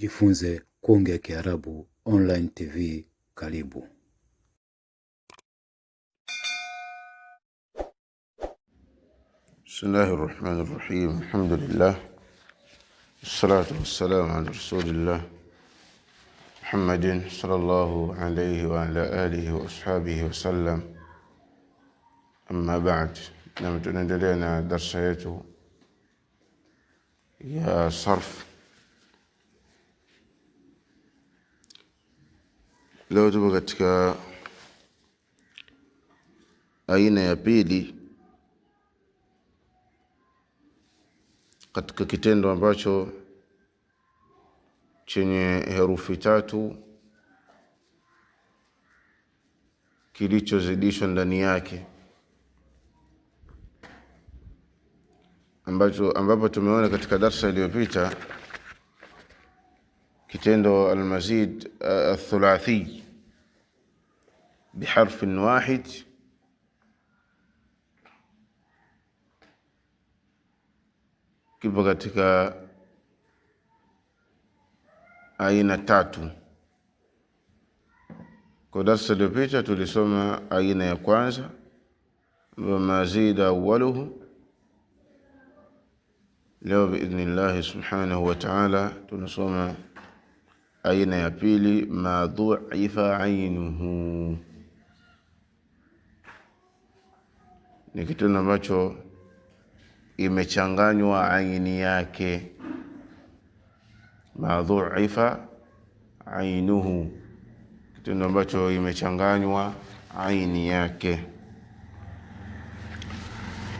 Jifunze Kuongea Kiarabu Online TV karibu. Bismillahi rahmani rahim, alhamdulillah wassalatu wassalamu ala rasulillah Muhammadin sallallahu alayhi wa ala alihi wa ashabihi wa sallam. amma ba'd. Na tunaendelea na darsa yetu ya sarf Leo tupo katika aina ya pili katika kitendo ambacho chenye herufi tatu kilichozidishwa ndani yake, ambacho ambapo tumeona katika darsa iliyopita kitendo almazid uh, athulathi biharfin wahid kipo katika aina tatu. Kwa darsa iliyopita tulisoma aina ya kwanza ambayo mazid awaluhu. Leo biidhnillahi subhanahu wa taala tunasoma Aina ya pili, ma dhuifa ainuhu, ni kitendo ambacho imechanganywa aini yake. Ma dhuifa ainuhu, kitendo ambacho imechanganywa aini yake,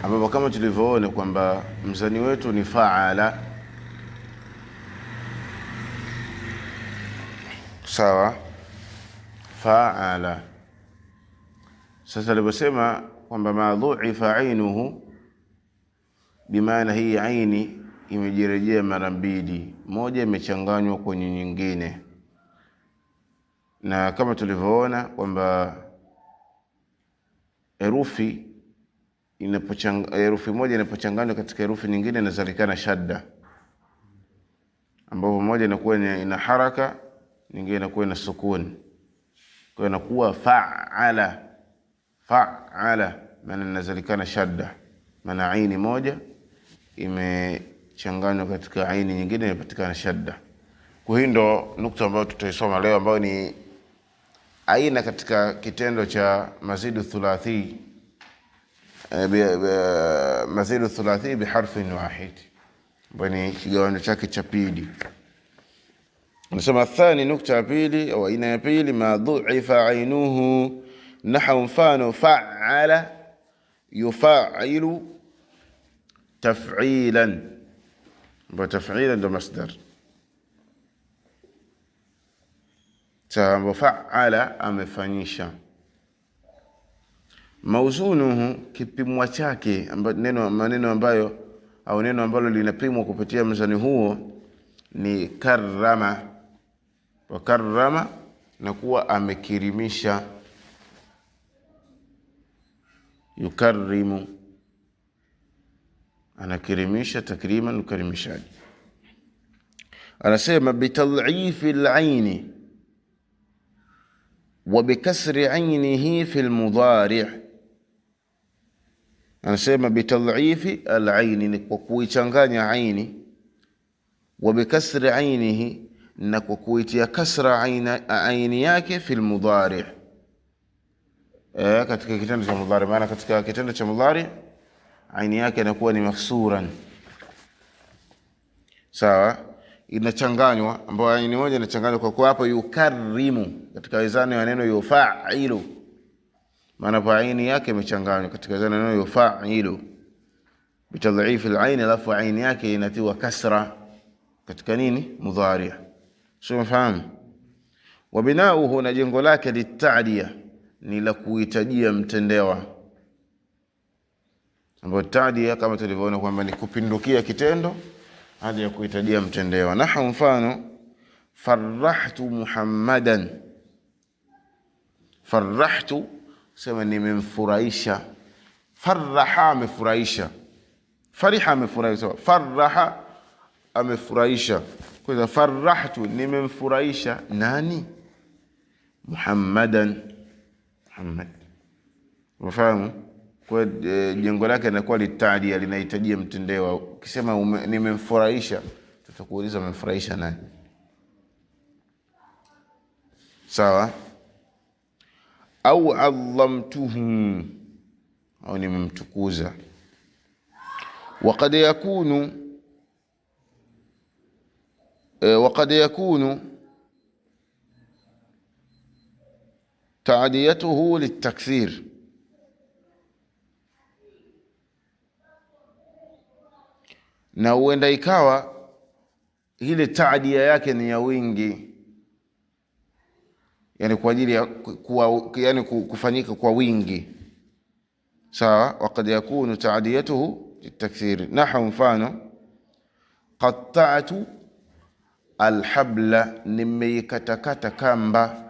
ambapo kama tulivyoona kwamba mzani wetu ni faala sawa faala. Sasa alivyosema kwamba madhuifa ainuhu, bimaana hii aini imejirejea mara mbili, moja imechanganywa kwenye nyingine, na kama tulivyoona kwamba herufi herufi moja inapochanganywa katika herufi nyingine inazalikana shadda, ambapo moja inakuwa ina haraka nyingine inakuwa ina sukuni, kwa inakuwa faala faala, maana inazalikana shadda, maana aini moja imechanganywa katika aini nyingine inapatikana shadda. Kwa hiyo ndo nukta ambayo tutaisoma leo, ambayo ni aina katika kitendo cha mazidu thulathi eh, mazidu thulathi biharfin wahid, ambayo ni kigawanyo chake cha pili. Anasema thani, nukta ya pili au aina ya pili, ma dhuifa ainuhu, nahau mfano faala yufailu taf'ilan, ambapo taf'ilan ndo masdar ambo faala amefanyisha. Mauzunuhu kipimwa chake, maneno ambayo au neno ambalo linapimwa kupitia mzani huo ni karama wakarama na kuwa amekirimisha. Yukarimu anakirimisha, takriman ukarimishaji. Anasema bitadhifi laini wa bikasri ainihi fi lmudhari. Anasema bitadhifi alaini, ni kwa kuichanganya aini, wa bikasri ainihi na kwa kuitia kasra aina, aini yake fi lmudhari e, katika kitendo cha mudhari. Maana katika kitendo cha mudhari aini yake inakuwa ni mahsuran, sawa, inachanganywa, ambayo aini moja inachanganywa. Kwa kuwa hapo yukarimu katika wizani ya neno yufailu, maana pa aini yake imechanganywa katika wizani ya neno yufailu bitadhifi laini, alafu aini yake inatiwa kasra katika nini mudhari sio? Umefahamu? wa na jengo lake litadia, ni la kuhitajia mtendewa, ambapo tadia kama tulivyoona kwamba ni kupindukia kitendo hadi ya kuhitajia mtendewa. Nahu, mfano farahtu Muhammadan, farahtu sema nimemfurahisha. Faraha amefurahisha, fariha amefurahisha, faraha amefurahisha kwanza farahtu, nimemfurahisha nani? Muhammadan, Muhammad. Unafahamu kwa e, jengo lake linakuwa litadia, linahitajia mtendewa. Ukisema nimemfurahisha, tutakuuliza umemfurahisha nani? Sawa au adhamtuhu, au nimemtukuza. wakad yakunu Eh, waqad yakunu taadiyatuhu litakthir, na huenda ikawa ile taadia yake ni ya wingi, yani kwa ajili ya kuwa, yani kufanyika kwa wingi. Sawa, waqad yakunu taadiyatuhu litakthir. nahwu mfano qata'tu alhabla, nimeikatakata kamba.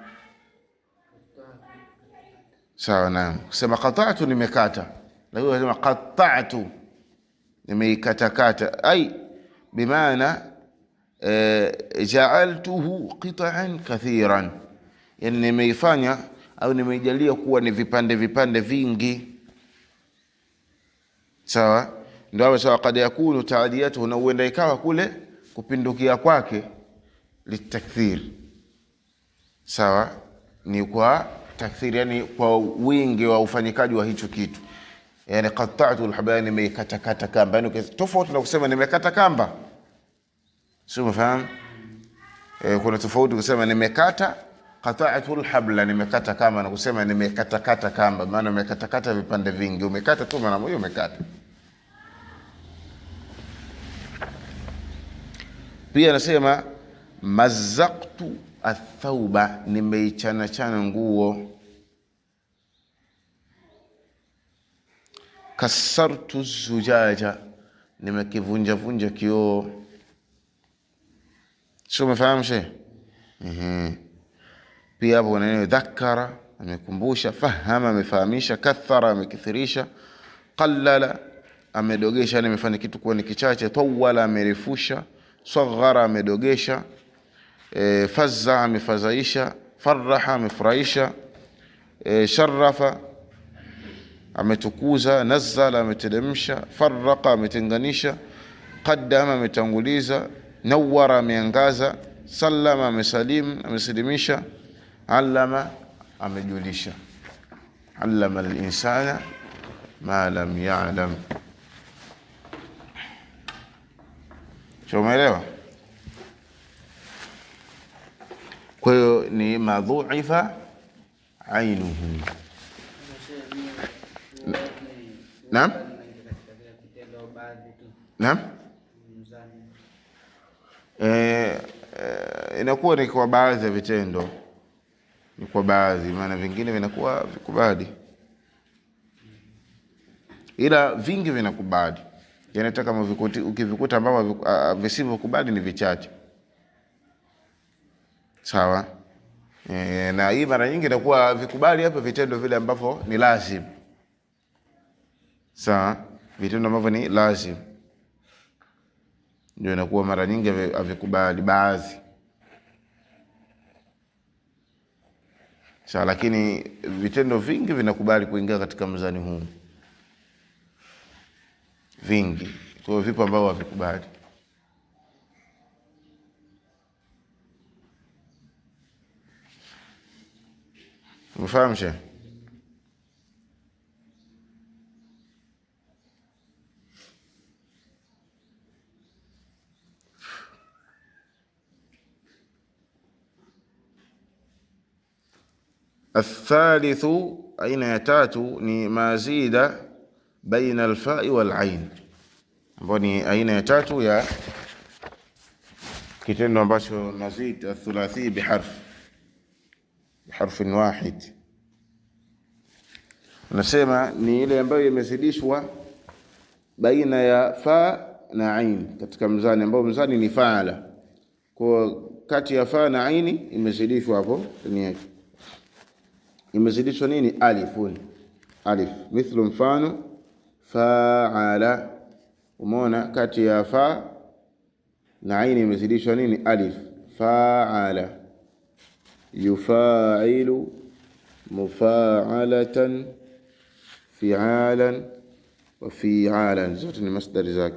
Sawa, naam. Kusema qata'tu, nimekata, lakini unasema qata'tu, nimeikatakata, ai bimaana e, ja'altuhu qita'an kathiran, yani nimeifanya au nimeijalia kuwa ni vipande vipande vingi. Sawa, ndio amesema Kad yakunu taadiyatuhu, na uenda ikawa kule kupindukia kwake litakthir, sawa, ni kwa takthir, yani kwa wingi wa ufanyikaji wa hicho kitu. Yani qatatu alhabla, nimeikatakata kamba, yani tofauti na kusema nimekata kamba, sio? mfahamu. E, eh, kuna tofauti kusema nimekata qata'tu alhabla, nimekata kama na kusema nimekatakata kamba, maana nimekatakata vipande vingi. Umekata tu maana moja umekata pia anasema mazaktu athauba, nimeichana chana nguo. Kasartu zujaja, nimekivunjavunja kioo. Sio, umefahamu she? Pia hapo neno dhakara, amekumbusha. Fahama, amefahamisha. Kathara, amekithirisha. Qalala, amedogesha, yani amefanya kitu kuwa ni kichache. Tawala, amerefusha. Saghara, amedogesha e, fazza amefadhaisha, faraha amefurahisha, e, sharafa ametukuza, nazzala ameteremsha, faraka ametenganisha, qaddama ametanguliza, nawara ameangaza, salama amesalim amesilimisha, allama amejulisha, allama al ma lam ya'lam. Umeelewa? Kwa hiyo ni madhuifa ainuhu. Naam, naam, e, inakuwa ni kwa baadhi ya vitendo, ni kwa baadhi, maana vingine vinakuwa vikubali, ila vingi vinakubali. Yaani hata kama ukivikuta ambavyo ah, visivyokubali ni vichache sawa e, na hii mara nyingi inakuwa vikubali hapa vitendo vile ambavyo ni lazim, sawa. Vitendo ambavyo ni lazim ndio inakuwa mara nyingi havikubali baadhi, sawa, lakini vitendo vingi vinakubali kuingia katika mzani huu, vingi kwa vipo ambavyo havikubali. ما فاهمش الثالث أين يتات ني ما زيد بين الفاء والعين بني أين يتات يا كتنو باشو نزيد الثلاثي بحرف harfin wahid, nasema ni ile ambayo imezidishwa baina ya fa na ain katika mzani ambao mzani ni faala, kwa kati ya fa na aini imezidishwa hapo ndani yake imezidishwa nini? Alifun, alif. Mithlu, mfano faala. Umeona, kati ya fa na aini imezidishwa nini? Alif faala يفاعل مفاعلة فعالا عالا زوجة مصدر ذاك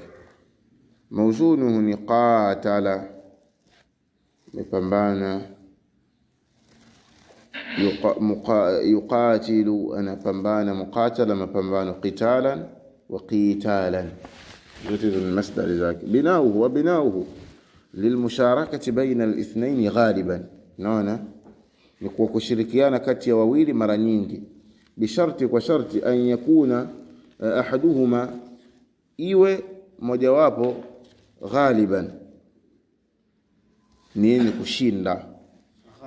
موزونه نقاتل مبنبانا يقاتل أنا بنبانا مقاتل مبنبانا قتالا وقيتالا زوجة مصدر ذاك بناؤه وبناؤه للمشاركة بين الاثنين غالبا نونا نعم. ni kwa kushirikiana kati ya wawili mara nyingi, bisharti, kwa sharti, an yakuna eh, ahaduhuma, iwe mojawapo, ghaliban, ni yenye kushinda,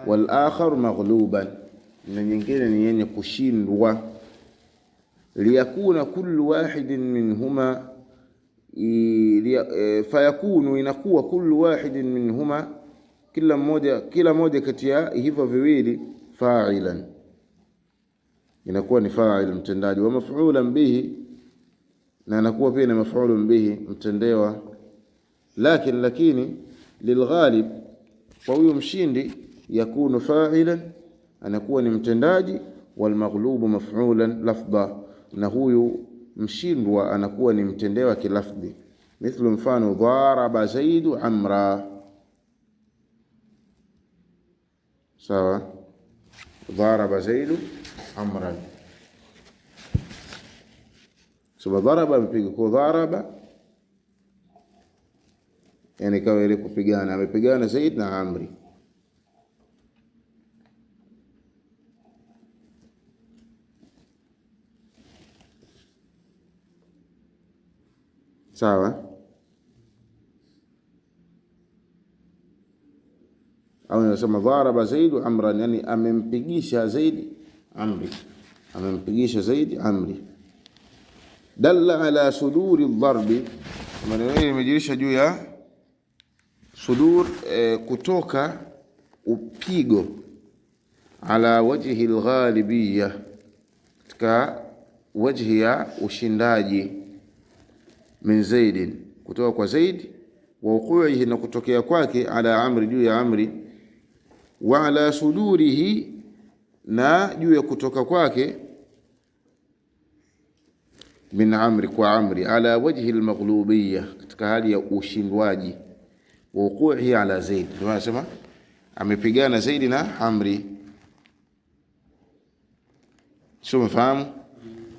wal akhar maghluban, na nyingine ni yenye kushindwa, liyakuna kullu wahidin minhuma, eh, fayakunu, inakuwa kullu wahidin minhuma kila mmoja kila moja kati ya hivyo viwili fa'ilan inakuwa ni fa'il mtendaji wa maf'ulan bihi, na anakuwa pia ni maf'ulun bihi mtendewa. Lakin lakini lilghalib, kwa huyu mshindi, yakunu fa'ilan, anakuwa ni mtendaji. Walmaghlubu maf'ulan lafdha, na huyu mshindwa anakuwa ni mtendewa kilafdhi. Mithlu, mfano dharaba zaidu amra سواء ضرب يعني زيد عمرا سبا ضرب بيجو ضرب يعني كانوا يلقوا بيجانا بيجانا زيدنا عمري سواء au inasema dharaba zaidu amran, yani amempigisha zaidi amri, amempigisha zaidi amri. Dalla ala suduri dharbi, maneno hii imejirisha juu ya sudur, e, kutoka upigo ala wajhi alghalibiyya, katika wajhi ya ushindaji min zaidin, kutoka kwa zaidi wa ukuihi, na kutokea kwake ala amri, juu ya amri wa ala sudurihi, na juu ya kutoka kwake, min amri, kwa amri, ala wajhi almaghlubiyya, katika hali ya ushindwaji, wa wuquhi ala Zaid. Ndio anasema amepigana Zaidi na amri, sio? Mfahamu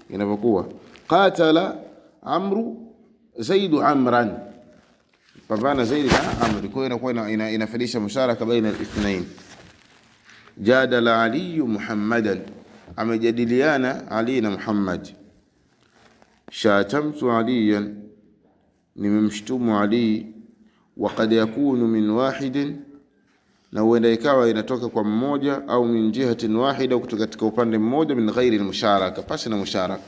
inavyokuwa qatala amru zaidu amran pambana zaidi na amri. Kwa hiyo inakuwa inafanisha musharaka baina al-ithnain jadala aliyu muhammadan, amejadiliana Ali na Muhammad. Shatamtu aliyan, nimemshtumu Ali. Wa qad yakunu min wahidin, na huenda ikawa inatoka kwa mmoja au min jihatin wahida, kutoka katika upande mmoja, min ghairi almusharaka, pasi na musharaka.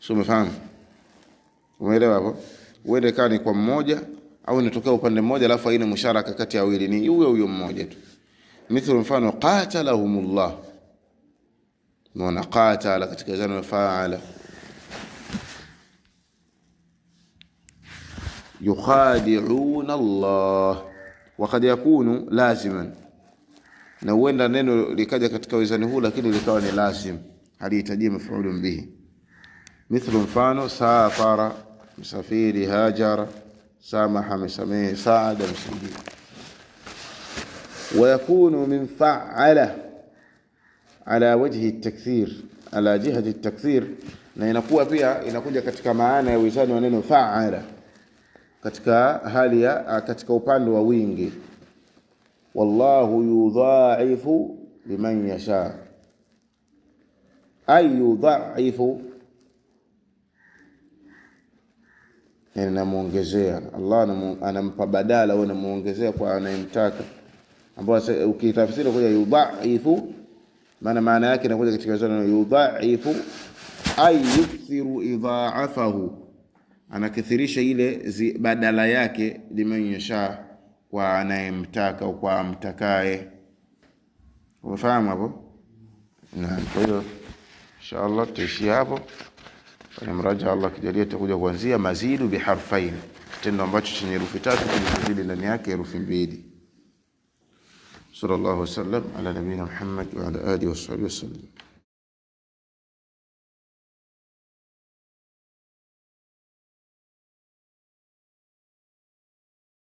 So umefahamu, umeelewa hapo? Huenda ikawa ni kwa mmoja au inatokea upande mmoja, alafu haina musharaka kati ya wili, ni huyo huyo mmoja tu. مثل مفانو قاتلهم الله نون قاتل كتك زن فاعل يخادعون الله وقد يكون لازما نوين لنينو لكاجة كتك وزن هو لكن لكاون لازم هل يتجي مفعول به مثل مفانو سافر مسافير هاجر سامح مسامي سعد مسجد wayakunu min faala ala wajhi takthir, ala jihati takthir, na inakuwa pia inakuja katika maana ya uishani wa neno faala katika hali ya katika upande wa wingi. Wallahu yudhaifu liman yasha, ay yudhaifu yani, namuongezea Allah, anampa badala au namuongezea kwa anayemtaka ambao ukitafsiri kwa yudhaifu, maana maana yake inakuja katika zana yudhaifu, ay yukthiru idhaafahu, anakithirisha ile badala yake, liman yasha, kwa anayemtaka au kwa mtakaye. Umefahamu hapo? Naam. Kwa hiyo inshallah tutaishia hapo kwenye mraja. Allah kijalia tutakuja kuanzia mazidu biharfain, kitendo ambacho chenye herufi tatu kilizidi ndani yake herufi mbili. صلى الله وسلم على نبينا محمد وعلى آله وصحبه وسلم